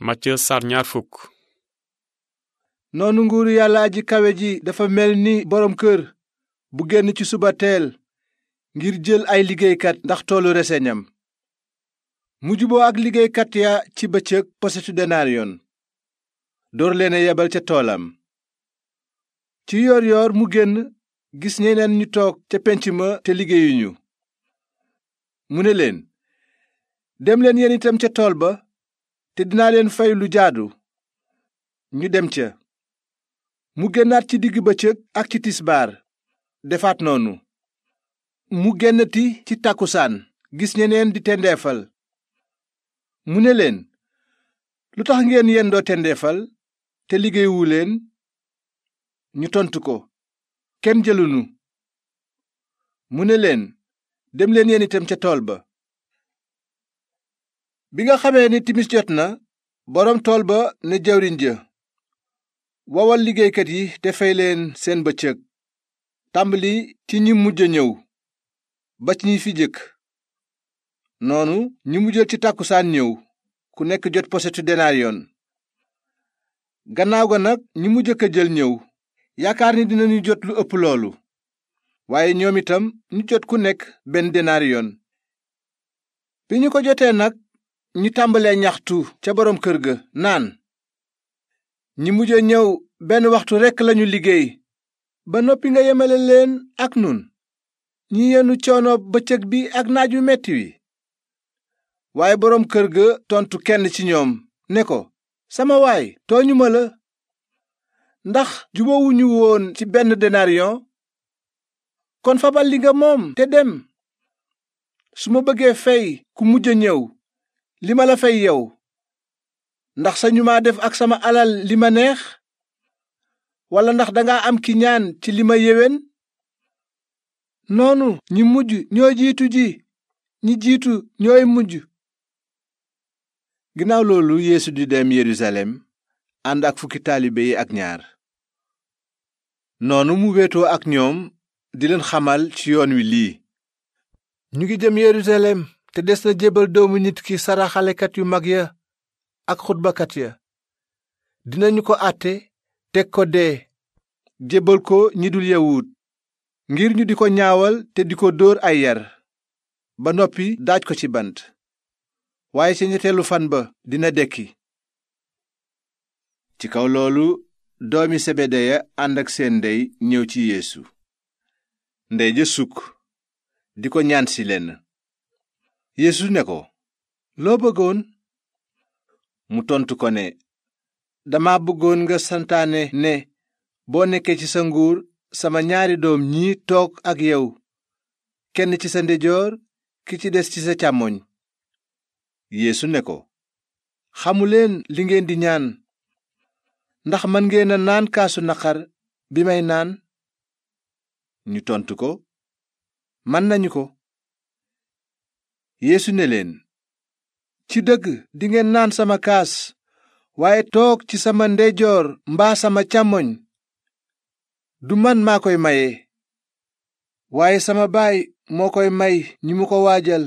Matthieu sar noonu nguur yàlla aji kawe ji dafa mel ni boroom kër bu génn ci suba teel ngir jël ay liggéeykat ndax toolu reseñam mu juboo ak liggéeykat ya ci bëccëg posetu denaariyon door leen yebal ca toolam ci yoor yoor mu génn gis ñeneen ñu toog ca pénc ma te liggéeyuñu mu ne leen dem leen yéen itam ca tool ba te dinaa leen fay lu jaadu ñu dem ca mu génnaat ci digg bëccëg ak ci tisbaar defaat noonu mu génnati ci tàkkusaan gis ñeneen di tendeefal mu ne leen lu tax ngeen yendoo tendeefal te liggéeyuwu leen ñu tontu ko kenn jëlunu mu ne leen dem leen yéen itam ca tool ba bi nga xamee ni timis jot na boroom tool ba ne jawriñ ja wawal liggéeykat yi te fay leen seen bëccëg tàmbali ci ñi mujj a ñëw ba ci ñi fi jëkk noonu ñi mu jël ci tàkkusaan ñëw ku nekk jot posetu denariyon gannaaw ga nag ñi mu jëkk a jël ñëw yaakaar ni dinañu jot lu ëpp loolu waaye ñoom itam ñu jot ku nekk benn denariyon bi ñu ko jotee nag ñu tàmbalee ñaxtu ca boroom kër ga naan ñi mujj ñëw benn waxtu rekk lañu liggéey ba noppi nga yemale leen ak nun ñi yenu coono bëccëg bi ak naaj yu metti wi waaye boroom kër ga tontu kenn ci ñoom ne ko sama waay tooñu ma la ndax jubawuñu woon ci benn denariyon kon fabal li nga moom te dem su ma bëggee fey ku mujj a ñëw li ma la fay yow ndax sañu maa def ak sama alal li ma neex walla ndax danga am ki ñaan ci li ma yéwén noonu ñi mujj ñoo jiitu ji ñi jiitu ñooy mujj ginnaaw loolu yéesu di dem yerusalem ànd ak fukki taalibe yi ak ñaar noonu mu wéetoo ak ñoom di leen xamal ci yoon wi lii ñu ngi jëm yerusalem te des na jébal doomu nit ki saraxalekat yu mag ya ak xutbakat ya dinañu ko àtte teg ko dee jébal ko ñi dul yawut ngir ñu di ko ñaawal te di ko dóor ay yar ba noppi daaj ko ci bant waaye ci ñetteelu fan ba dina dekki ci kaw loolu doomi sebedeya ànd ak seen ndey ñëw ci yeesu ndey ja sukk di ko ñaan si lenn yéesu ne ko loo bëggoon mu tontu ko ne dama bëggoon nga santaane ne boo nekkee ci sa nguur sama ñaari doom ñii toog ak yow kenn ci sa ndejoor ki ci des ci sa càmmooñ yéesu ne ko xamuleen li ngeen di ñaan ndax man ngeena naan kaasu naqar bi may naan ñu tontu ko man nañu ko yeesu ne leen ci dëgg dingeen naan sama kaas waaye toog ci sama ndeyjoor mbaa sama càmmoñ du man maa koy maye waaye sama baay moo koy may ñi mu ko waajal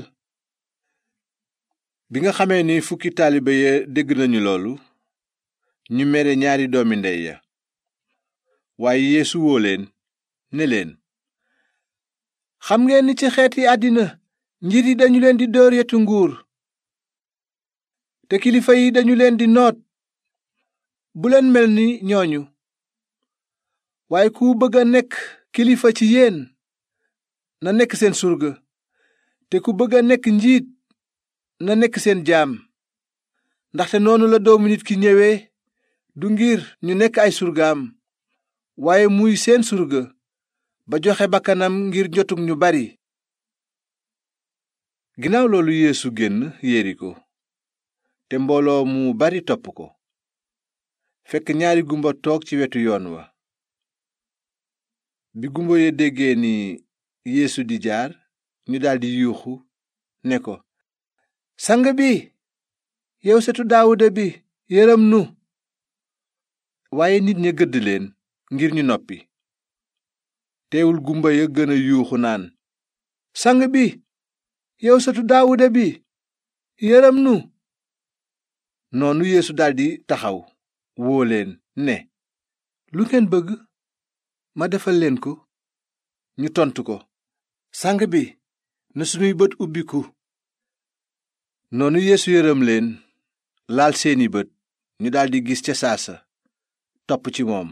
bi nga xamee ni fukki taalibe ya dégg nañu loolu ñu mere ñaari doomi ndey ya waaye yeesu woo leen ne leen xam ngeen ni ci xeeti àddina njiit yi dañu leen di dóor nguur te kilifa yi dañu leen di noot bu leen mel ni ñooñu waaye ku bëgg a nekk kilifa ci yéen na nekk seen surga te ku bëgg a nekk njiit na nekk seen jaam ndaxte noonu la doomu nit ki ñëwee du ngir ñu nekk ay surgaam waaye muy seen surga ba joxe bakkanam ngir njotug ñu bari ginnaaw loolu yéesu génn yeriko te mbooloo mu bari topp ko fekk ñaari gumba toog ci wetu yoon wa bi gumba ya déggee ni yeesu di jaar ñu daldi yuuxu ne ko sang bi yow setu daawuda bi yërëm nu waaye nit ña gëdd leen ngir ñu noppi teewul gumba ya gën a yuuxu naan sang bi yow sëtu daawuda bi yërëm nu noonu yéesu daldi taxaw woo leen ne lu ngeen bëgg ma defal leen ko ñu tontu ko sang bi na sunuy bët ubbiku noonu yéesu yërëm leen laal seeni bët ñu daldi gis ca saasa topp ci moom